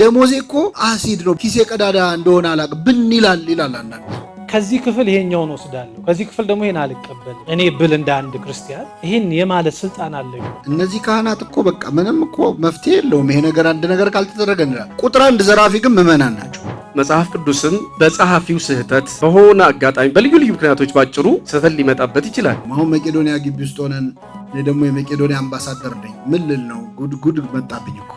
ደሞዜ እኮ አሲድ ነው፣ ኪሴ ቀዳዳ እንደሆነ አላውቅም ብን ይላል ይላል። አንዳንድ ከዚህ ክፍል ይሄኛውን ወስዳለሁ፣ ከዚህ ክፍል ደግሞ ይሄን አልቀበልም እኔ ብል እንደ አንድ ክርስቲያን ይህን የማለት ስልጣን አለኝ። እነዚህ ካህናት እኮ በቃ ምንም እኮ መፍትሄ የለውም ይሄ ነገር አንድ ነገር ካልተደረገ እንላል። ቁጥር አንድ ዘራፊ ግን ምዕመናን ናቸው። መጽሐፍ ቅዱስም በጸሐፊው ስህተት በሆነ አጋጣሚ በልዩ ልዩ ምክንያቶች ባጭሩ ስህተት ሊመጣበት ይችላል። አሁን መቄዶንያ ግቢ ውስጥ ሆነን ደግሞ የመቄዶንያ አምባሳደር ነኝ ምን ልል ነው? ጉድጉድ መጣብኝ እኮ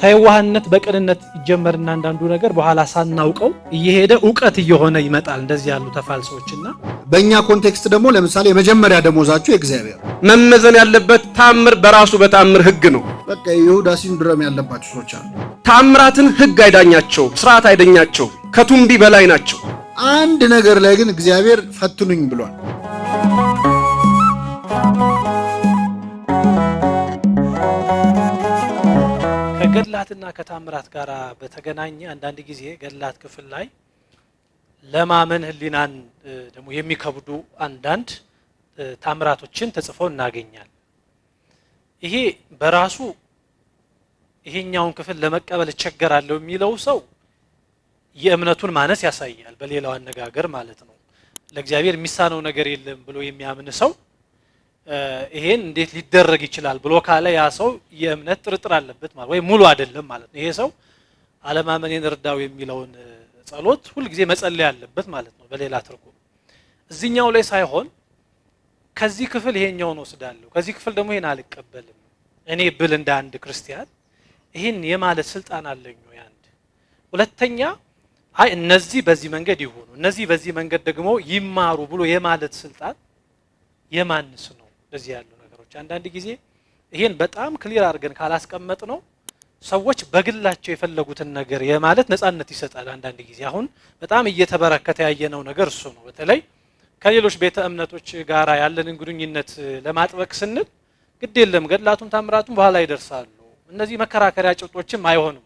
ከየዋህነት በቅንነት ይጀመርና አንዳንዱ ነገር በኋላ ሳናውቀው እየሄደ እውቀት እየሆነ ይመጣል። እንደዚህ ያሉ ተፋልሶችና በእኛ ኮንቴክስት ደግሞ ለምሳሌ የመጀመሪያ ደሞዛችሁ የእግዚአብሔር መመዘን ያለበት ታምር በራሱ በታምር ህግ ነው። በቃ የይሁዳ ሲንድሮም ያለባቸው ሰዎች አሉ። ታምራትን ህግ አይዳኛቸው፣ ስርዓት አይደኛቸው፣ ከቱምቢ በላይ ናቸው። አንድ ነገር ላይ ግን እግዚአብሔር ፈትኑኝ ብሏል። ከገድላትና ከታምራት ጋር በተገናኘ አንዳንድ ጊዜ ገድላት ክፍል ላይ ለማመን ህሊናን ደግሞ የሚከብዱ አንዳንድ ታምራቶችን ተጽፈው እናገኛል። ይሄ በራሱ ይሄኛውን ክፍል ለመቀበል እቸገራለሁ የሚለው ሰው የእምነቱን ማነስ ያሳያል። በሌላው አነጋገር ማለት ነው ለእግዚአብሔር የሚሳነው ነገር የለም ብሎ የሚያምን ሰው ይሄን እንዴት ሊደረግ ይችላል ብሎ ካለ ያ ሰው የእምነት ጥርጥር አለበት ማለት ወይ ሙሉ አይደለም ማለት ነው። ይሄ ሰው አለማመኔን እርዳው የሚለውን ጸሎት ሁልጊዜ መጸለይ አለበት ማለት ነው። በሌላ ትርጉም እዚህኛው ላይ ሳይሆን ከዚህ ክፍል ይሄኛውን ወስዳለሁ፣ ከዚህ ክፍል ደግሞ ይሄን አልቀበልም እኔ ብል እንደ አንድ ክርስቲያን ይህን የማለት ስልጣን አለኝ አንድ ሁለተኛ፣ አይ እነዚህ በዚህ መንገድ ይሆኑ እነዚህ በዚህ መንገድ ደግሞ ይማሩ ብሎ የማለት ስልጣን የማንስ ነው? እንደዚህ ያሉ ነገሮች አንዳንድ ጊዜ ይሄን በጣም ክሊር አድርገን ካላስቀመጥ ነው ሰዎች በግላቸው የፈለጉትን ነገር የማለት ነጻነት ይሰጣል። አንዳንድ ጊዜ አሁን በጣም እየተበረከተ ያየነው ነገር እሱ ነው። በተለይ ከሌሎች ቤተ እምነቶች ጋር ያለንን ግንኙነት ለማጥበቅ ስንል ግድ የለም ገድላቱም ታምራቱም በኋላ ይደርሳሉ። እነዚህ መከራከሪያ ጭብጦችም አይሆንም።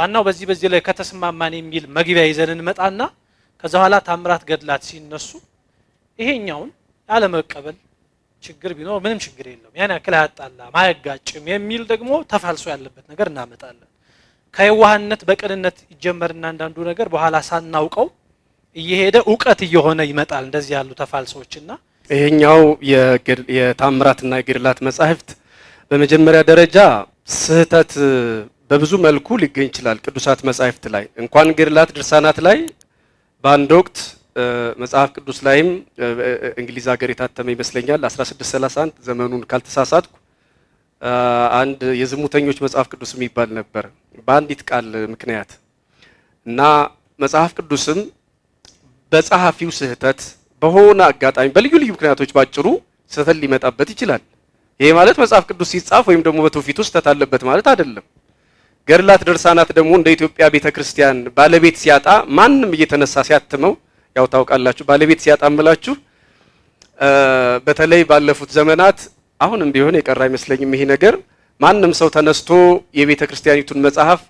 ዋናው በዚህ በዚህ ላይ ከተስማማን የሚል መግቢያ ይዘን እንመጣና ከዛ በኋላ ታምራት ገድላት ሲነሱ ይሄኛውን ያለመቀበል ችግር ቢኖር ምንም ችግር የለውም፣ ያን ያክል አያጣላም፣ አያጋጭም የሚል ደግሞ ተፋልሶ ያለበት ነገር እናመጣለን። ከየዋህነት በቅንነት ይጀመርና አንዳንዱ ነገር በኋላ ሳናውቀው እየሄደ እውቀት እየሆነ ይመጣል። እንደዚህ ያሉ ተፋልሶችና ይሄኛው የታምራትና የግድላት መጻሕፍት በመጀመሪያ ደረጃ ስህተት በብዙ መልኩ ሊገኝ ይችላል። ቅዱሳት መጻሕፍት ላይ እንኳን ግድላት ድርሳናት ላይ በአንድ ወቅት መጽሐፍ ቅዱስ ላይም እንግሊዝ ሀገር የታተመ ይመስለኛል 1631 ዘመኑን ካልተሳሳትኩ አንድ የዝሙተኞች መጽሐፍ ቅዱስ የሚባል ነበር በአንዲት ቃል ምክንያት እና መጽሐፍ ቅዱስም በጸሐፊው ስህተት በሆነ አጋጣሚ በልዩ ልዩ ምክንያቶች ባጭሩ ስህተት ሊመጣበት ይችላል። ይሄ ማለት መጽሐፍ ቅዱስ ሲጻፍ ወይም ደግሞ በትውፊቱ ስህተት አለበት ማለት አይደለም። ገድላት፣ ድርሳናት ደግሞ እንደ ኢትዮጵያ ቤተ ክርስቲያን ባለቤት ሲያጣ ማንም እየተነሳ ሲያትመው ያው ታውቃላችሁ፣ ባለቤት ሲያጣምላችሁ በተለይ ባለፉት ዘመናት አሁንም ቢሆን የቀረ አይመስለኝም ይሄ ነገር። ማንም ሰው ተነስቶ የቤተ ክርስቲያኒቱን መጽሐፍ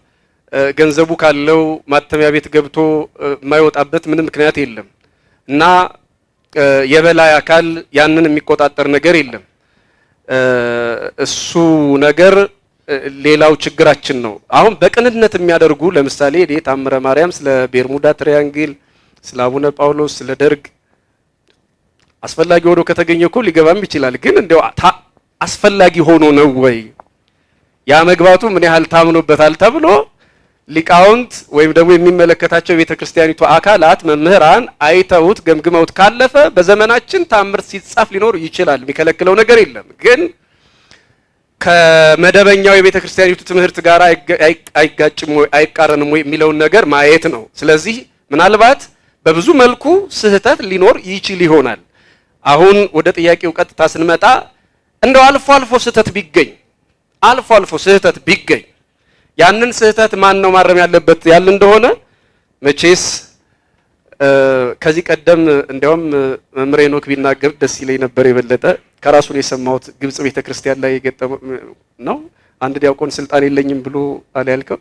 ገንዘቡ ካለው ማተሚያ ቤት ገብቶ የማይወጣበት ምንም ምክንያት የለም እና የበላይ አካል ያንን የሚቆጣጠር ነገር የለም። እሱ ነገር ሌላው ችግራችን ነው። አሁን በቅንነት የሚያደርጉ ለምሳሌ እኔ ታምረ ማርያም ስለ ቤርሙዳ ትሪያንግል ስለ አቡነ ጳውሎስ፣ ስለ ደርግ አስፈላጊ ሆኖ ከተገኘ እኮ ሊገባም ይችላል። ግን እንደው አስፈላጊ ሆኖ ነው ወይ ያ መግባቱ ምን ያህል ታምኖበታል ተብሎ ሊቃውንት ወይም ደግሞ የሚመለከታቸው የቤተ ክርስቲያኒቱ አካላት መምህራን አይተውት ገምግመውት ካለፈ በዘመናችን ታምር ሲጻፍ ሊኖር ይችላል። የሚከለክለው ነገር የለም። ግን ከመደበኛው የቤተ ክርስቲያኒቱ ትምህርት ጋር አይጋጭም ወይ አይቃረንም ወይ የሚለውን ነገር ማየት ነው። ስለዚህ ምናልባት በብዙ መልኩ ስህተት ሊኖር ይችል ይሆናል። አሁን ወደ ጥያቄው ቀጥታ ስንመጣ እንደው አልፎ አልፎ ስህተት ቢገኝ አልፎ አልፎ ስህተት ቢገኝ ያንን ስህተት ማን ነው ማረም ያለበት ያል እንደሆነ መቼስ ከዚህ ቀደም እንዲያውም መምሬ ኖክ ቢናገር ደስ ይለኝ ነበር። የበለጠ ከራሱን የሰማሁት ግብጽ ቤተክርስቲያን ላይ የገጠመ ነው። አንድ ዲያቆን ስልጣን የለኝም ብሎ ያልከው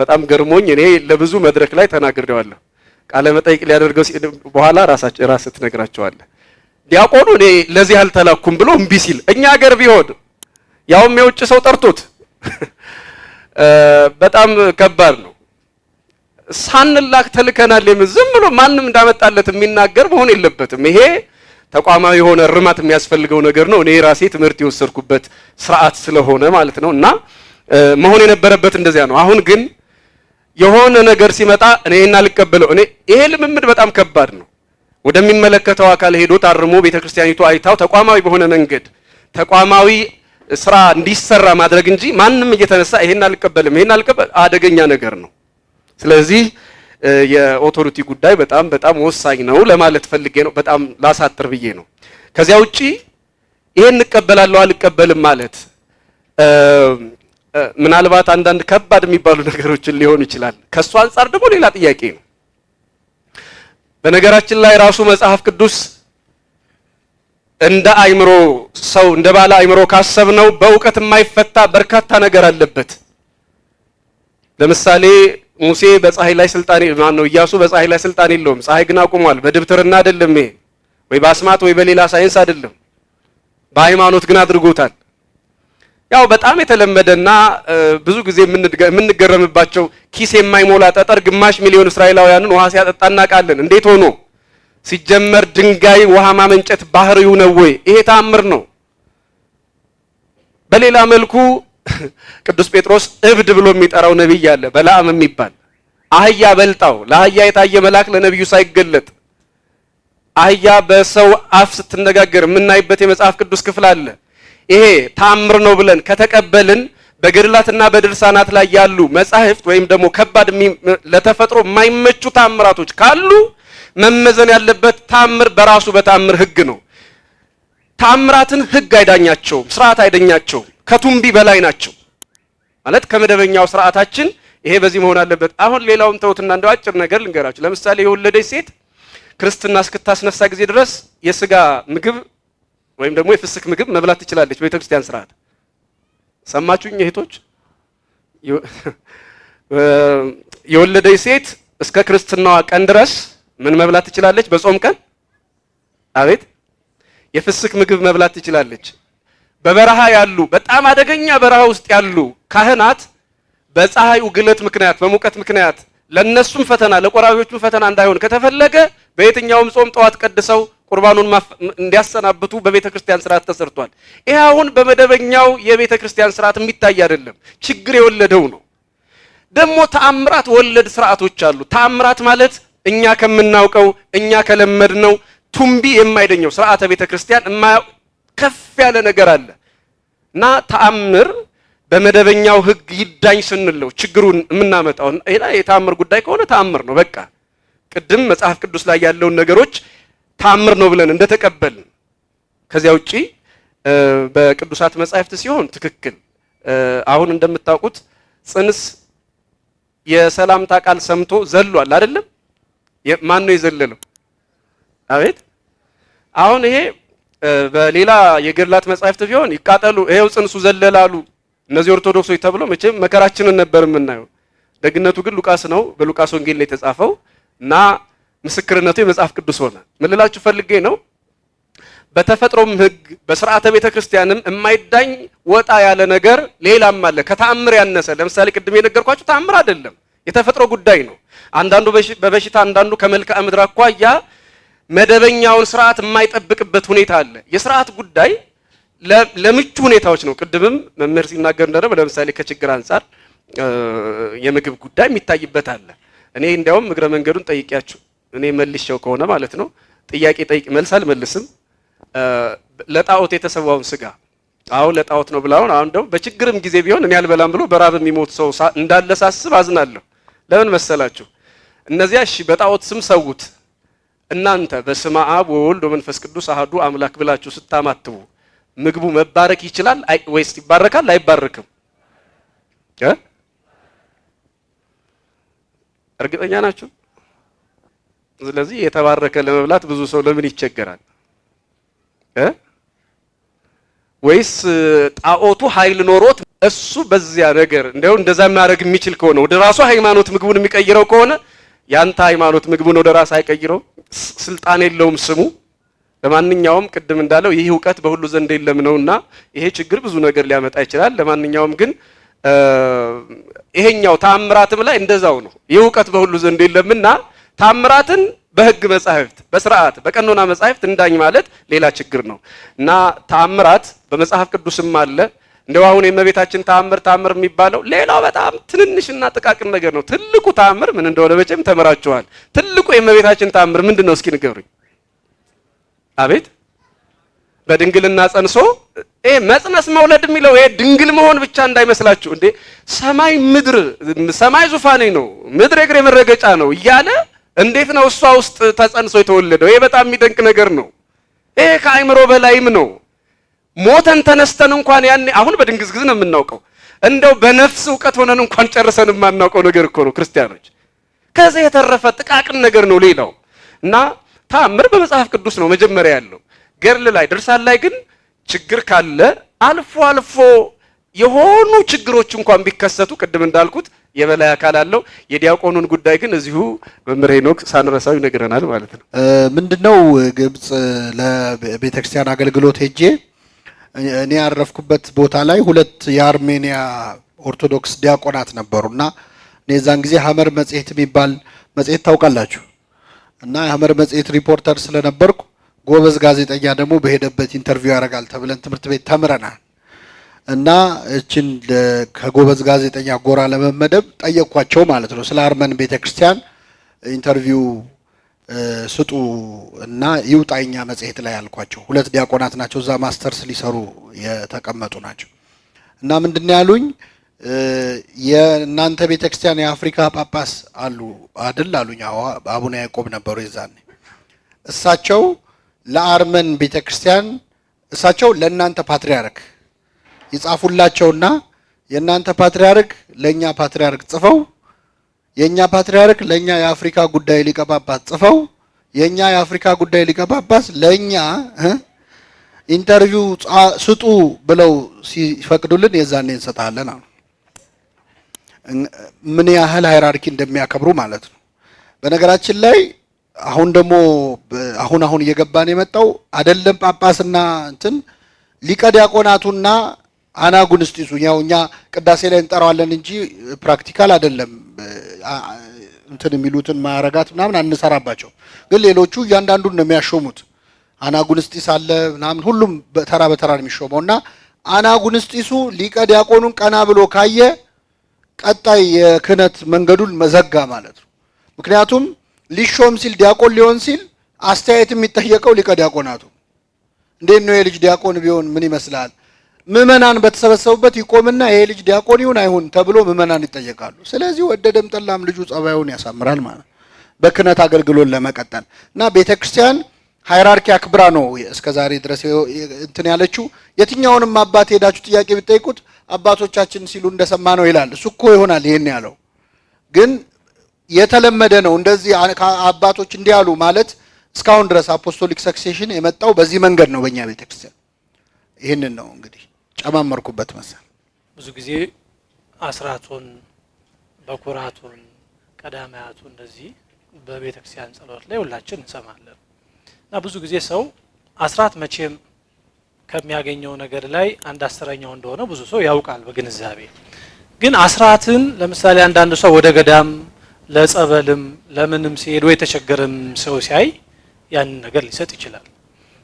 በጣም ገርሞኝ እኔ ለብዙ መድረክ ላይ ተናግሬዋለሁ። ቃለ መጠይቅ ሊያደርገው በኋላ ራስ ትነግራቸዋለህ። ዲያቆኑ እኔ ለዚህ አልተላኩም ብሎ እምቢ ሲል እኛ ሀገር ቢሆን ያውም የውጭ ሰው ጠርቶት በጣም ከባድ ነው። ሳንላክ ተልከናል። የምን ዝም ብሎ ማንም እንዳመጣለት የሚናገር መሆን የለበትም። ይሄ ተቋማዊ የሆነ እርማት የሚያስፈልገው ነገር ነው። እኔ ራሴ ትምህርት የወሰድኩበት ስርዓት ስለሆነ ማለት ነው እና መሆን የነበረበት እንደዚያ ነው። አሁን ግን የሆነ ነገር ሲመጣ እኔና ልቀበለው እኔ ይሄ ልምምድ በጣም ከባድ ነው። ወደሚመለከተው አካል ሄዶ ታርሞ ቤተክርስቲያኒቱ አይታው ተቋማዊ በሆነ መንገድ ተቋማዊ ስራ እንዲሰራ ማድረግ እንጂ ማንም እየተነሳ ይሄን አልቀበልም ይሄን አልቀበል አደገኛ ነገር ነው። ስለዚህ የኦቶሪቲ ጉዳይ በጣም በጣም ወሳኝ ነው ለማለት ፈልጌ ነው። በጣም ላሳጥር ብዬ ነው። ከዚያ ውጪ ይሄን እንቀበላለሁ አልቀበልም ማለት ምናልባት አንዳንድ ከባድ የሚባሉ ነገሮችን ሊሆን ይችላል። ከእሱ አንጻር ደግሞ ሌላ ጥያቄ ነው። በነገራችን ላይ ራሱ መጽሐፍ ቅዱስ እንደ አይምሮ ሰው እንደ ባለ አእምሮ ካሰብነው በእውቀት የማይፈታ በርካታ ነገር አለበት። ለምሳሌ ሙሴ በፀሐይ ላይ ስልጣን ማን ነው? እያሱ በፀሐይ ላይ ስልጣን የለውም። ፀሐይ ግን አቁሟል። በድብትርና አይደለም ይሄ ወይ በአስማት ወይ በሌላ ሳይንስ አይደለም፣ በሃይማኖት ግን አድርጎታል። ያው በጣም የተለመደና ብዙ ጊዜ የምንገረምባቸው ኪስ የማይሞላ ጠጠር ግማሽ ሚሊዮን እስራኤላውያንን ውሃ ሲያጠጣ እናውቃለን። እንዴት ሆኖ ሲጀመር ድንጋይ ውሃ ማመንጨት ባህሪው ነው ወይ? ይሄ ተአምር ነው። በሌላ መልኩ ቅዱስ ጴጥሮስ እብድ ብሎ የሚጠራው ነቢይ አለ፣ በለዓም የሚባል አህያ በልጣው ለአህያ የታየ መልአክ ለነቢዩ ሳይገለጥ አህያ በሰው አፍ ስትነጋገር የምናይበት የመጽሐፍ ቅዱስ ክፍል አለ። ይሄ ታምር ነው ብለን ከተቀበልን በገድላትና በድርሳናት ላይ ያሉ መጻሕፍት ወይም ደግሞ ከባድ ለተፈጥሮ የማይመቹ ታምራቶች ካሉ መመዘን ያለበት ታምር በራሱ በታምር ህግ ነው። ታምራትን ህግ አይዳኛቸውም፣ ስርዓት አይደኛቸውም ከቱምቢ በላይ ናቸው ማለት ከመደበኛው ስርዓታችን ይሄ በዚህ መሆን አለበት። አሁን ሌላውን ተውትና እንደው አጭር ነገር ልንገራችሁ። ለምሳሌ የወለደች ሴት ክርስትና እስክታስነሳ ጊዜ ድረስ የስጋ ምግብ ወይም ደግሞ የፍስክ ምግብ መብላት ትችላለች በቤተክርስቲያን ስርዓት። ሰማችሁኝ እህቶች? የወለደች ሴት እስከ ክርስትናዋ ቀን ድረስ ምን መብላት ትችላለች? በጾም ቀን አቤት የፍስክ ምግብ መብላት ትችላለች። በበረሃ ያሉ በጣም አደገኛ በረሃ ውስጥ ያሉ ካህናት በፀሐይ ግለት ምክንያት በሙቀት ምክንያት ለነሱም ፈተና ለቆራቢዎቹም ፈተና እንዳይሆን ከተፈለገ በየትኛውም ጾም ጠዋት ቀድሰው ቁርባኑን እንዲያሰናብቱ በቤተ ክርስቲያን ስርዓት ተሰርቷል። ይህ አሁን በመደበኛው የቤተ ክርስቲያን ስርዓት የሚታይ አይደለም፣ ችግር የወለደው ነው። ደግሞ ተአምራት ወለድ ስርዓቶች አሉ። ተአምራት ማለት እኛ ከምናውቀው እኛ ከለመድነው ቱምቢ የማይደኘው ስርዓተ ቤተ ክርስቲያን ከፍ ያለ ነገር አለ እና ተአምር በመደበኛው ህግ ይዳኝ ስንለው ችግሩን የምናመጣው የተአምር ጉዳይ ከሆነ ተአምር ነው በቃ ቅድም መጽሐፍ ቅዱስ ላይ ያለውን ነገሮች ታምር ነው ብለን እንደተቀበልን ከዚያ ውጪ በቅዱሳት መጻሕፍት ሲሆን ትክክል። አሁን እንደምታውቁት ጽንስ የሰላምታ ቃል ሰምቶ ዘሏል አይደለም? ማን ነው የዘለለው? አቤት! አሁን ይሄ በሌላ የገድላት መጻሕፍት ቢሆን ይቃጠሉ፣ ይሄው ጽንሱ ዘለላሉ እነዚህ ኦርቶዶክሶች ተብሎ መቼም መከራችንን ነበር የምናየው። ደግነቱ ግን ሉቃስ ነው፣ በሉቃስ ወንጌል ላይ የተጻፈው እና ምስክርነቱ የመጽሐፍ ቅዱስ ሆነ። ምን ልላችሁ ፈልጌ ነው? በተፈጥሮም ህግ በስርዓተ ቤተ ክርስቲያንም የማይዳኝ ወጣ ያለ ነገር ሌላም አለ ከተአምር ያነሰ። ለምሳሌ ቅድም የነገርኳችሁ ተአምር አይደለም፣ የተፈጥሮ ጉዳይ ነው። አንዳንዱ በበሽታ አንዳንዱ ከመልክዓ ምድር አኳያ መደበኛውን ስርዓት የማይጠብቅበት ሁኔታ አለ። የስርዓት ጉዳይ ለምቹ ሁኔታዎች ነው። ቅድምም መምህር ሲናገር እንደነበረ ለምሳሌ ከችግር አንጻር የምግብ ጉዳይ የሚታይበት አለ። እኔ እንዲያውም እግረ መንገዱን ጠይቂያችሁ እኔ መልሼው ከሆነ ማለት ነው ጥያቄ ጠይቅ መልስ አልመልስም። ለጣዖት የተሰዋውን ስጋ አሁን ለጣዖት ነው ብላውን አሁን ደግሞ በችግርም ጊዜ ቢሆን እኔ አልበላም ብሎ በራብ የሚሞት ሰው እንዳለ ሳስብ አዝናለሁ። ለምን መሰላችሁ? እነዚያ እሺ በጣዖት ስም ሰውት እናንተ በስመ አብ ወወልድ ወመንፈስ ቅዱስ አህዱ አምላክ ብላችሁ ስታማትቡ ምግቡ መባረክ ይችላል ወይስ ይባረካል? አይባረክም? እርግጠኛ ናችሁ? ስለዚህ የተባረከ ለመብላት ብዙ ሰው ለምን ይቸገራል እ ወይስ ጣዖቱ ኃይል ኖሮት እሱ በዚያ ነገር እንደው እንደዛ ማድረግ የሚችል ከሆነ ወደ ራሱ ሃይማኖት ምግቡን የሚቀይረው ከሆነ ያንተ ሃይማኖት ምግቡን ወደ ራስ አይቀይረው፣ ስልጣን የለውም ስሙ። ለማንኛውም ቅድም እንዳለው ይህ እውቀት በሁሉ ዘንድ የለም ነውና ይሄ ችግር ብዙ ነገር ሊያመጣ ይችላል። ለማንኛውም ግን ይሄኛው ተአምራትም ላይ እንደዛው ነው። ይህ እውቀት በሁሉ ዘንድ የለምና ታምራትን በህግ መጻሕፍት በስርዓት በቀኖና መጻሕፍት እንዳኝ ማለት ሌላ ችግር ነው እና ተአምራት በመጽሐፍ ቅዱስም አለ። እንደው አሁን የእመቤታችን ተአምር ተአምር የሚባለው ሌላው በጣም ትንንሽና ጥቃቅን ነገር ነው። ትልቁ ተአምር ምን እንደሆነ መቼም ተምራችኋል። ትልቁ የእመቤታችን ተአምር ምንድን ነው? እስኪ ንገሩኝ። አቤት በድንግልና ጸንሶ ይሄ መጽነስ መውለድ የሚለው ይሄ ድንግል መሆን ብቻ እንዳይመስላችሁ እንዴ። ሰማይ ምድር ሰማይ ዙፋኔ ነው፣ ምድር የእግሬ መረገጫ ነው እያለ እንዴት ነው እሷ ውስጥ ተጸንሶ የተወለደው? ይሄ በጣም የሚደንቅ ነገር ነው። ይሄ ከአእምሮ በላይም ነው። ሞተን ተነስተን እንኳን ያኔ አሁን በድንግዝግዝ ነው የምናውቀው። እንደው በነፍስ እውቀት ሆነን እንኳን ጨርሰን የማናውቀው ነገር እኮ ነው ክርስቲያኖች። ከዚህ የተረፈ ጥቃቅን ነገር ነው ሌላው እና ታምር በመጽሐፍ ቅዱስ ነው መጀመሪያ ያለው ገርል ላይ ድርሳን ላይ ግን ችግር ካለ አልፎ አልፎ የሆኑ ችግሮች እንኳን ቢከሰቱ ቅድም እንዳልኩት የበላይ አካል አለው። የዲያቆኑን ጉዳይ ግን እዚሁ መምህር ሄኖክ ሳንረሳው ይነግረናል ማለት ነው። ምንድነው ግብጽ ለቤተ ክርስቲያን አገልግሎት ሄጄ እኔ ያረፍኩበት ቦታ ላይ ሁለት የአርሜኒያ ኦርቶዶክስ ዲያቆናት ነበሩ እና እኔ የዛን ጊዜ ሀመር መጽሔት የሚባል መጽሔት ታውቃላችሁ እና የሀመር መጽሔት ሪፖርተር ስለነበርኩ ጎበዝ ጋዜጠኛ ደግሞ በሄደበት ኢንተርቪው ያደርጋል ተብለን ትምህርት ቤት ተምረናል። እና እችን ከጎበዝ ጋዜጠኛ ጎራ ለመመደብ ጠየቅኳቸው ማለት ነው። ስለ አርመን ቤተክርስቲያን ኢንተርቪው ስጡ እና ይውጣኛ መጽሔት ላይ ያልኳቸው ሁለት ዲያቆናት ናቸው። እዛ ማስተርስ ሊሰሩ የተቀመጡ ናቸው እና ምንድን ያሉኝ የእናንተ ቤተክርስቲያን የአፍሪካ ጳጳስ አሉ አድል አሉኝ። አቡነ ያዕቆብ ነበሩ የዛኔ። እሳቸው ለአርመን ቤተክርስቲያን እሳቸው ለእናንተ ፓትሪያርክ ይጻፉላቸውና የእናንተ ፓትርያርክ ለእኛ ፓትርያርክ ጽፈው የእኛ ፓትርያርክ ለእኛ የአፍሪካ ጉዳይ ሊቀ ጳጳስ ጽፈው የእኛ የአፍሪካ ጉዳይ ሊቀ ጳጳስ ለእኛ ኢንተርቪው ስጡ ብለው ሲፈቅዱልን የዛኔ እንሰጣለን አሉ። ምን ያህል ሃይራርኪ እንደሚያከብሩ ማለት ነው። በነገራችን ላይ አሁን ደግሞ አሁን አሁን እየገባን የመጣው አደለም ጳጳስና እንትን ሊቀ ዲያቆናቱና አናጉንስጢሱ ያው እኛ ቅዳሴ ላይ እንጠራዋለን እንጂ ፕራክቲካል አይደለም። እንትን የሚሉትን ማረጋት ምናምን አንሰራባቸው። ግን ሌሎቹ እያንዳንዱን ነው የሚያሾሙት። አናጉንስጢስ አለ ምናምን፣ ሁሉም በተራ በተራ ነው የሚሾመው እና አናጉንስጢሱ ሊቀ ዲያቆኑን ቀና ብሎ ካየ ቀጣይ የክህነት መንገዱን መዘጋ ማለት ነው። ምክንያቱም ሊሾም ሲል ዲያቆን ሊሆን ሲል አስተያየት የሚጠየቀው ሊቀ ዲያቆናቱ እንዴት ነው የልጅ ዲያቆን ቢሆን ምን ይመስላል ምእመናን በተሰበሰቡበት ይቆምና ይሄ ልጅ ዲያቆን ይሁን አይሁን ተብሎ ምእመናን ይጠየቃሉ። ስለዚህ ወደደም ጠላም ልጁ ጸባዩን ያሳምራል ማለት በክህነት አገልግሎት ለመቀጠል እና ቤተ ክርስቲያን ሃይራርኪ አክብራ ነው እስከ ዛሬ ድረስ እንትን ያለችው። የትኛውንም አባት ሄዳችሁ ጥያቄ ብትጠይቁት አባቶቻችን ሲሉ እንደሰማ ነው ይላል። እሱ እኮ ይሆናል ይህን ያለው ግን የተለመደ ነው። እንደዚህ አባቶች እንዲህ አሉ ማለት እስካሁን ድረስ አፖስቶሊክ ሰክሴሽን የመጣው በዚህ መንገድ ነው። በእኛ ቤተክርስቲያን ይህንን ነው እንግዲህ ጨማመርኩበት መሰል። ብዙ ጊዜ አስራቱን በኩራቱን ቀዳማያቱ እንደዚህ በቤተ ክርስቲያን ጸሎት ላይ ሁላችን እንሰማለን እና ብዙ ጊዜ ሰው አስራት መቼም ከሚያገኘው ነገር ላይ አንድ አስረኛው እንደሆነ ብዙ ሰው ያውቃል በግንዛቤ ግን አስራትን ለምሳሌ አንዳንድ ሰው ወደ ገዳም ለጸበልም ለምንም ሲሄድ ወይ የተቸገረም ሰው ሲያይ ያንን ነገር ሊሰጥ ይችላል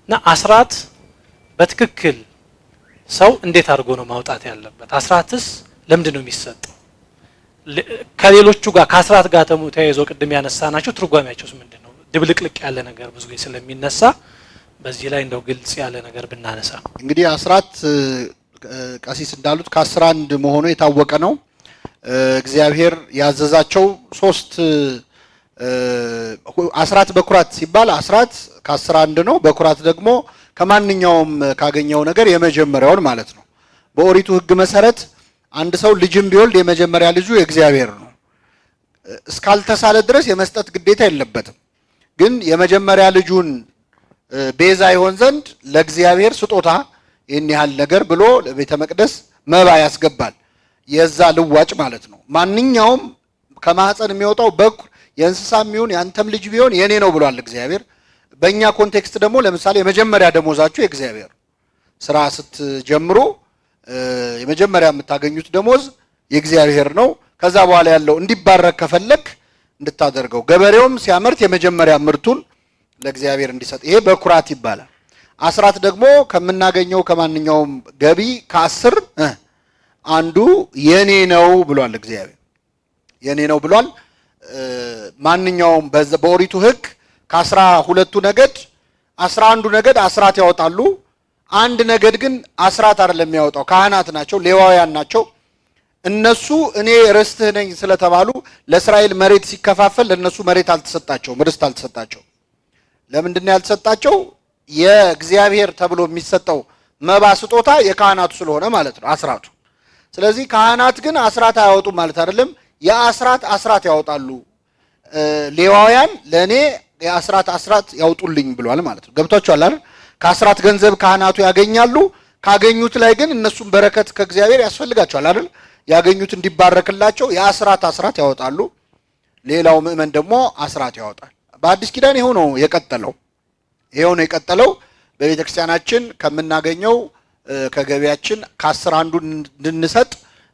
እና አስራት በትክክል ሰው እንዴት አድርጎ ነው ማውጣት ያለበት? አስራትስ ለምንድን ነው የሚሰጠው? ከሌሎቹ ጋር ከአስራት ጋር ተሙ ተያይዞ ቅድም ያነሳ ናቸው ትርጓሚያቸውስ ምንድን ነው? ድብልቅልቅ ያለ ነገር ብዙ ጊዜ ስለሚነሳ በዚህ ላይ እንደው ግልጽ ያለ ነገር ብናነሳ። እንግዲህ አስራት ቀሲስ እንዳሉት ከአስራ አንድ መሆኑ የታወቀ ነው። እግዚአብሔር ያዘዛቸው ሶስት አስራት በኩራት ሲባል አስራት ከአስራ አንድ ነው። በኩራት ደግሞ ከማንኛውም ካገኘው ነገር የመጀመሪያውን ማለት ነው። በኦሪቱ ሕግ መሰረት አንድ ሰው ልጅም ቢወልድ የመጀመሪያ ልጁ የእግዚአብሔር ነው። እስካልተሳለ ድረስ የመስጠት ግዴታ የለበትም። ግን የመጀመሪያ ልጁን ቤዛ ይሆን ዘንድ ለእግዚአብሔር ስጦታ ይህን ያህል ነገር ብሎ ለቤተ መቅደስ መባ ያስገባል። የዛ ልዋጭ ማለት ነው። ማንኛውም ከማህፀን የሚወጣው በኩር የእንስሳ የሚሆን የአንተም ልጅ ቢሆን የእኔ ነው ብሏል እግዚአብሔር። በእኛ ኮንቴክስት ደግሞ ለምሳሌ የመጀመሪያ ደሞዛችሁ የእግዚአብሔር ስራ ስትጀምሩ የመጀመሪያ የምታገኙት ደሞዝ የእግዚአብሔር ነው። ከዛ በኋላ ያለው እንዲባረክ ከፈለግ እንድታደርገው ገበሬውም ሲያመርት የመጀመሪያ ምርቱን ለእግዚአብሔር እንዲሰጥ ይሄ በኩራት ይባላል። አስራት ደግሞ ከምናገኘው ከማንኛውም ገቢ ከአስር አንዱ የኔ ነው ብሏል። እግዚአብሔር የኔ ነው ብሏል። ማንኛውም በኦሪቱ ሕግ ከአስራ ሁለቱ ነገድ አስራ አንዱ ነገድ አስራት ያወጣሉ። አንድ ነገድ ግን አስራት አይደለም የሚያወጣው፣ ካህናት ናቸው፣ ሌዋውያን ናቸው። እነሱ እኔ ርስትህ ነኝ ስለተባሉ ለእስራኤል መሬት ሲከፋፈል ለእነሱ መሬት አልተሰጣቸውም፣ ርስት አልተሰጣቸው። ለምንድን ያልተሰጣቸው? የእግዚአብሔር ተብሎ የሚሰጠው መባ ስጦታ የካህናቱ ስለሆነ ማለት ነው አስራቱ። ስለዚህ ካህናት ግን አስራት አያወጡም ማለት አይደለም፣ የአስራት አስራት ያወጣሉ። ሌዋውያን ለእኔ የአስራት አስራት ያውጡልኝ ብሏል ማለት ነው። ገብቷችኋል አይደል? ከአስራት ገንዘብ ካህናቱ ያገኛሉ። ካገኙት ላይ ግን እነሱም በረከት ከእግዚአብሔር ያስፈልጋቸዋል አይደል? ያገኙት እንዲባረክላቸው የአስራት አስራት ያወጣሉ። ሌላው ምእመን ደግሞ አስራት ያወጣል። በአዲስ ኪዳን ይኸው ነው የቀጠለው። ይኸው ነው የቀጠለው። በቤተ ክርስቲያናችን ከምናገኘው ከገቢያችን ከአስር አንዱ እንድንሰጥ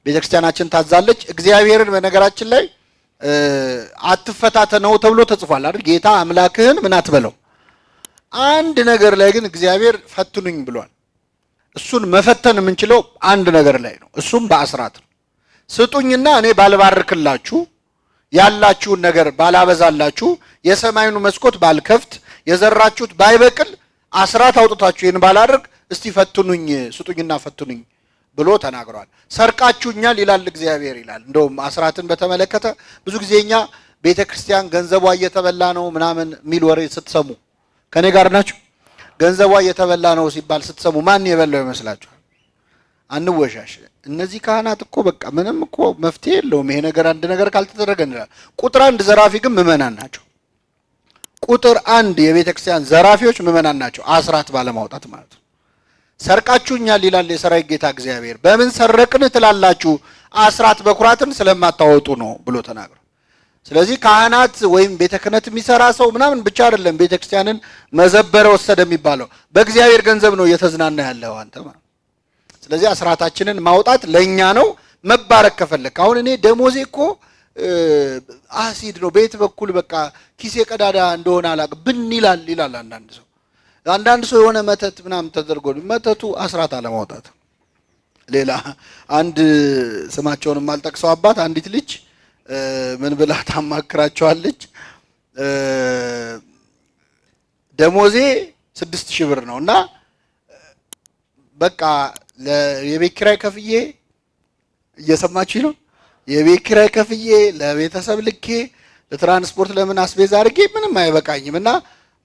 ቤተ ክርስቲያናችን ታዛለች። እግዚአብሔርን በነገራችን ላይ አትፈታተነው ተብሎ ተጽፏል አይደል? ጌታ አምላክህን ምን አትበለው። አንድ ነገር ላይ ግን እግዚአብሔር ፈትኑኝ ብሏል። እሱን መፈተን የምንችለው አንድ ነገር ላይ ነው። እሱም በአስራት ነው። ስጡኝና እኔ ባልባርክላችሁ፣ ያላችሁን ነገር ባላበዛላችሁ፣ የሰማዩን መስኮት ባልከፍት፣ የዘራችሁት ባይበቅል፣ አስራት አውጥታችሁ ይህን ባላደርግ፣ እስቲ ፈትኑኝ፣ ስጡኝና ፈትኑኝ ብሎ ተናግሯል። ሰርቃችሁኛል ይላል እግዚአብሔር ይላል። እንደውም አስራትን በተመለከተ ብዙ ጊዜ እኛ ቤተ ክርስቲያን ገንዘቧ እየተበላ ነው ምናምን የሚል ወሬ ስትሰሙ ከኔ ጋር ናችሁ። ገንዘቧ እየተበላ ነው ሲባል ስትሰሙ ማን የበላው ይመስላችኋል? አንወሻሽ። እነዚህ ካህናት እኮ በቃ ምንም እኮ መፍትሄ የለውም ይሄ ነገር አንድ ነገር ካልተደረገ እንላል። ቁጥር አንድ ዘራፊ ግን ምእመናን ናቸው። ቁጥር አንድ የቤተ ክርስቲያን ዘራፊዎች ምእመናን ናቸው፣ አስራት ባለማውጣት ማለት ነው። ሰርቃችሁኛል ይላል የሰራዊት ጌታ እግዚአብሔር። በምን ሰረቅን ትላላችሁ? አስራት በኩራትን ስለማታወጡ ነው ብሎ ተናግሯል። ስለዚህ ካህናት ወይም ቤተ ክህነት የሚሰራ ሰው ምናምን ብቻ አይደለም ቤተ ክርስቲያንን መዘበረ ወሰደ የሚባለው በእግዚአብሔር ገንዘብ ነው እየተዝናና ያለው አንተ። ስለዚህ አስራታችንን ማውጣት ለእኛ ነው መባረክ ከፈለግ። አሁን እኔ ደሞዜ እኮ አሲድ ነው ቤት በኩል በቃ ኪሴ ቀዳዳ እንደሆነ አላቅ ብን ይላል ይላል አንዳንድ ሰው አንዳንድ ሰው የሆነ መተት ምናምን ተደርጎ መተቱ አስራት አለማውጣት። ሌላ አንድ ስማቸውንም አልጠቅሰው አባት አንዲት ልጅ ምን ብላ ታማክራቸዋለች? ደሞዜ ስድስት ሺህ ብር ነው እና በቃ የቤት ኪራይ ከፍዬ እየሰማችሁ ነው። የቤት ኪራይ ከፍዬ ለቤተሰብ ልኬ ለትራንስፖርት ለምን አስቤዛ አድርጌ ምንም አይበቃኝም እና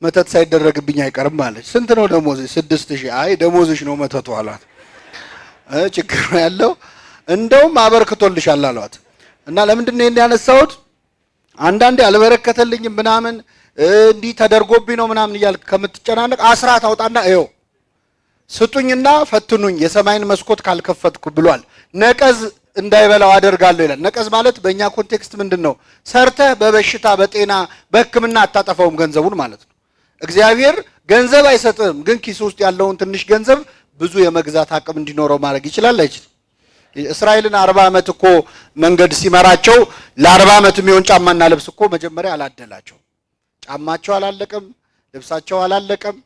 መተት ሳይደረግብኝ አይቀርም አለች። ስንት ነው ደሞዝሽ? ስድስት ሺህ አይ ደሞዝሽ ነው መተቱ አሏት። ችግር ያለው እንደውም አበርክቶልሻል አሏት። እና ለምንድን ነው ያነሳሁት? አንዳንዴ አልበረከተልኝም ምናምን እንዲህ ተደርጎብኝ ነው ምናምን እያልክ ከምትጨናነቅ አስራት አውጣና ይኸው ስጡኝና ፈትኑኝ የሰማይን መስኮት ካልከፈትኩ ብሏል። ነቀዝ እንዳይበላው አደርጋለሁ ይላል። ነቀዝ ማለት በእኛ ኮንቴክስት ምንድን ነው? ሰርተህ በበሽታ በጤና በሕክምና አታጠፋውም ገንዘቡን ማለት ነው። እግዚአብሔር ገንዘብ አይሰጥም፣ ግን ኪስ ውስጥ ያለውን ትንሽ ገንዘብ ብዙ የመግዛት አቅም እንዲኖረው ማድረግ ይችላል። አይችልም? እስራኤልን አርባ ዓመት እኮ መንገድ ሲመራቸው ለአርባ ዓመት የሚሆን ጫማና ልብስ እኮ መጀመሪያ አላደላቸው። ጫማቸው አላለቀም፣ ልብሳቸው አላለቀም።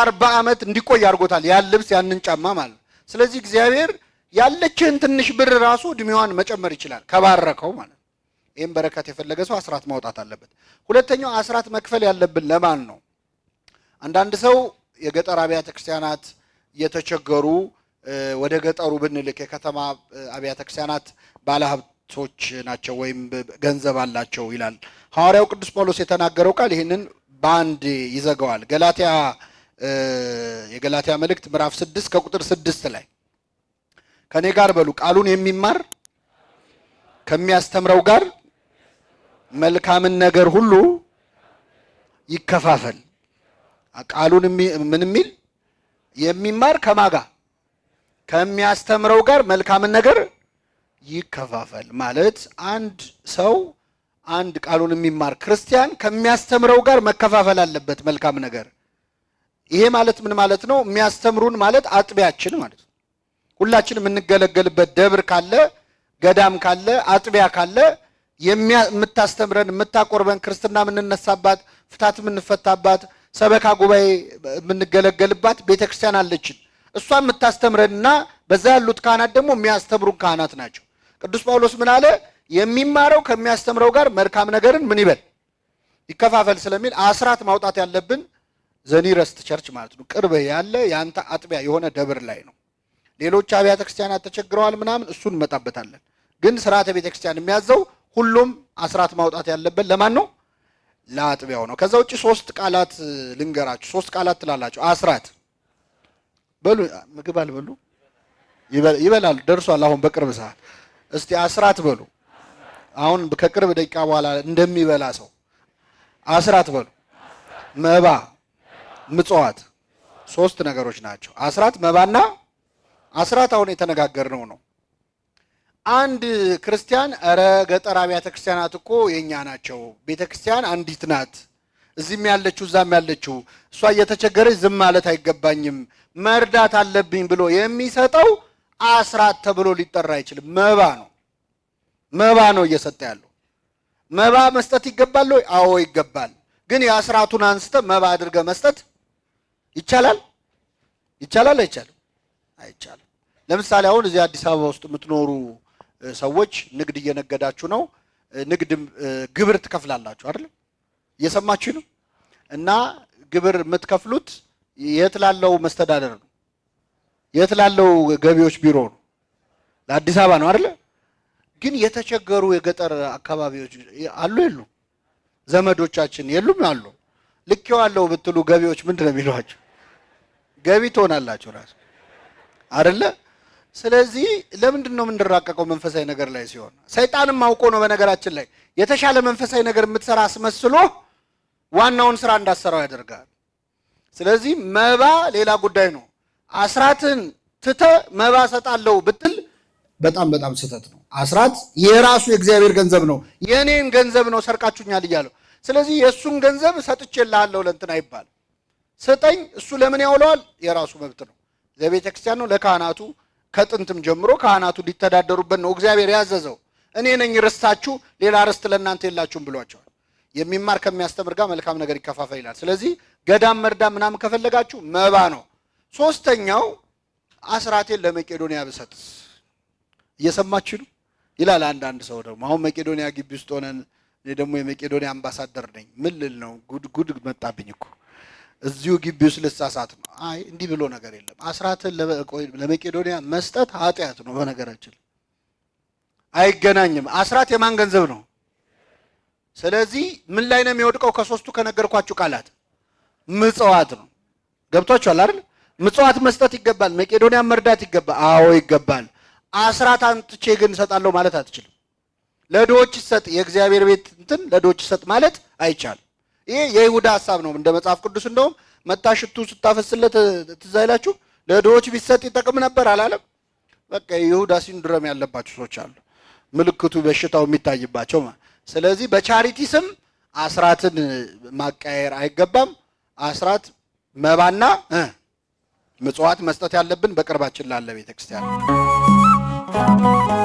አርባ ዓመት እንዲቆይ አድርጎታል ያን ልብስ ያንን ጫማ ማለት ነው። ስለዚህ እግዚአብሔር ያለችህን ትንሽ ብር ራሱ እድሜዋን መጨመር ይችላል ከባረከው ማለት ነው። ይህም በረከት የፈለገ ሰው አስራት ማውጣት አለበት። ሁለተኛው አስራት መክፈል ያለብን ለማን ነው? አንዳንድ ሰው የገጠር አብያተ ክርስቲያናት እየተቸገሩ ወደ ገጠሩ ብንልክ የከተማ አብያተ ክርስቲያናት ባለሀብቶች ናቸው ወይም ገንዘብ አላቸው ይላል። ሐዋርያው ቅዱስ ጳውሎስ የተናገረው ቃል ይህንን በአንድ ይዘገዋል። ገላትያ የገላትያ መልእክት ምዕራፍ ስድስት ከቁጥር ስድስት ላይ ከእኔ ጋር በሉ ቃሉን የሚማር ከሚያስተምረው ጋር መልካምን ነገር ሁሉ ይከፋፈል ቃሉን ምን የሚል የሚማር ከማጋ ከሚያስተምረው ጋር መልካምን ነገር ይከፋፈል ማለት አንድ ሰው አንድ ቃሉን የሚማር ክርስቲያን ከሚያስተምረው ጋር መከፋፈል አለበት መልካም ነገር። ይሄ ማለት ምን ማለት ነው? የሚያስተምሩን ማለት አጥቢያችን ማለት ነው። ሁላችን የምንገለገልበት ደብር ካለ፣ ገዳም ካለ፣ አጥቢያ ካለ የምታስተምረን የምታቆርበን ክርስትና የምንነሳባት ፍታት የምንፈታባት ሰበካ ጉባኤ የምንገለገልባት ቤተ ክርስቲያን አለችን። እሷ የምታስተምረንና በዛ ያሉት ካህናት ደግሞ የሚያስተምሩን ካህናት ናቸው። ቅዱስ ጳውሎስ ምን አለ? የሚማረው ከሚያስተምረው ጋር መልካም ነገርን ምን ይበል ይከፋፈል ስለሚል አስራት ማውጣት ያለብን ዘኒረስት ቸርች ማለት ነው። ቅርብ ያለ የአንተ አጥቢያ የሆነ ደብር ላይ ነው። ሌሎች አብያተ ክርስቲያናት ተቸግረዋል ምናምን፣ እሱን እንመጣበታለን። ግን ስርዓተ ቤተ ክርስቲያን የሚያዘው ሁሉም አስራት ማውጣት ያለበት ለማን ነው? ለአጥቢያው ነው። ከዛ ውጭ ሶስት ቃላት ልንገራችሁ። ሶስት ቃላት ትላላችሁ። አስራት በሉ ምግብ አልበሉ ይበላል። ደርሷል። አሁን በቅርብ ሰዓት እስቲ አስራት በሉ። አሁን ከቅርብ ደቂቃ በኋላ እንደሚበላ ሰው አስራት በሉ። መባ፣ ምጽዋት ሶስት ነገሮች ናቸው። አስራት መባና አስራት አሁን የተነጋገርነው ነው። አንድ ክርስቲያን እረ ገጠር አብያተ ክርስቲያናት እኮ የእኛ ናቸው፣ ቤተ ክርስቲያን አንዲት ናት፣ እዚህም ያለችው እዛም ያለችው እሷ እየተቸገረች ዝም ማለት አይገባኝም መርዳት አለብኝ ብሎ የሚሰጠው አስራት ተብሎ ሊጠራ አይችልም። መባ ነው መባ ነው እየሰጠ ያለው። መባ መስጠት ይገባል ወይ? አዎ ይገባል። ግን የአስራቱን አንስተ መባ አድርገ መስጠት ይቻላል? ይቻላል? አይቻልም? አይቻልም። ለምሳሌ አሁን እዚህ አዲስ አበባ ውስጥ የምትኖሩ ሰዎች ንግድ እየነገዳችሁ ነው። ንግድ ግብር ትከፍላላችሁ አይደል? እየሰማችሁ ነው። እና ግብር የምትከፍሉት የት ላለው መስተዳደር ነው? የት ላለው ገቢዎች ቢሮ ነው? ለአዲስ አበባ ነው አይደል? ግን የተቸገሩ የገጠር አካባቢዎች አሉ የሉ? ዘመዶቻችን የሉም አሉ። ልኬዋለሁ ብትሉ ገቢዎች ምንድን ነው የሚሏቸው? ገቢ ትሆናላችሁ ራሱ አይደለ? ስለዚህ ለምንድን ነው የምንራቀቀው? መንፈሳዊ ነገር ላይ ሲሆን ሰይጣንም አውቆ ነው። በነገራችን ላይ የተሻለ መንፈሳዊ ነገር የምትሰራ አስመስሎ ዋናውን ስራ እንዳሰራው ያደርጋል። ስለዚህ መባ ሌላ ጉዳይ ነው። አስራትን ትተ መባ ሰጣለው ብትል በጣም በጣም ስህተት ነው። አስራት የራሱ የእግዚአብሔር ገንዘብ ነው። የእኔን ገንዘብ ነው ሰርቃችሁኛል እያለው። ስለዚህ የእሱን ገንዘብ ሰጥቼልሃለሁ ለእንትና ይባል ስጠኝ። እሱ ለምን ያውለዋል? የራሱ መብት ነው። ለቤተ ክርስቲያን ነው፣ ለካህናቱ ከጥንትም ጀምሮ ካህናቱ ሊተዳደሩበት ነው እግዚአብሔር ያዘዘው። እኔ ነኝ ርስታችሁ፣ ሌላ ርስት ለእናንተ የላችሁም ብሏቸዋል። የሚማር ከሚያስተምር ጋር መልካም ነገር ይከፋፈል ይላል። ስለዚህ ገዳም መርዳ ምናምን ከፈለጋችሁ መባ ነው። ሶስተኛው አስራቴን ለመቄዶንያ ብሰት እየሰማችሁ ነው ይላል አንዳንድ ሰው ደግሞ። አሁን መቄዶንያ ግቢ ውስጥ ሆነን እኔ ደግሞ የመቄዶንያ አምባሳደር ነኝ ምን ልል ነው? ጉድ ጉድ መጣብኝ እኮ እዚሁ ግቢ ውስጥ ልሳሳት ነው። አይ እንዲህ ብሎ ነገር የለም። አስራትን ለመቄዶንያ መስጠት ኃጢአት ነው። በነገራችን አይገናኝም። አስራት የማን ገንዘብ ነው? ስለዚህ ምን ላይ ነው የሚወድቀው? ከሶስቱ ከነገርኳችሁ ቃላት ምጽዋት ነው። ገብቷችኋል አይደል? ምጽዋት መስጠት ይገባል። መቄዶንያ መርዳት ይገባል። አዎ ይገባል። አስራት አንትቼ ግን እሰጣለሁ ማለት አትችልም። ለድሆች ይሰጥ የእግዚአብሔር ቤት እንትን ለድሆች ይሰጥ ማለት አይቻልም። ይሄ የይሁዳ ሀሳብ ነው። እንደ መጽሐፍ ቅዱስ እንደውም መታ ሽቱ ስታፈስለት ትዝ አይላችሁ? ለድሆች ቢሰጥ ይጠቅም ነበር አላለም? በቃ የይሁዳ ሲንድረም ያለባቸው ሰዎች አሉ። ምልክቱ በሽታው የሚታይባቸው። ስለዚህ በቻሪቲ ስም አስራትን ማቀያየር አይገባም። አስራት መባና ምጽዋት መስጠት ያለብን በቅርባችን ላለ ቤተክርስቲያን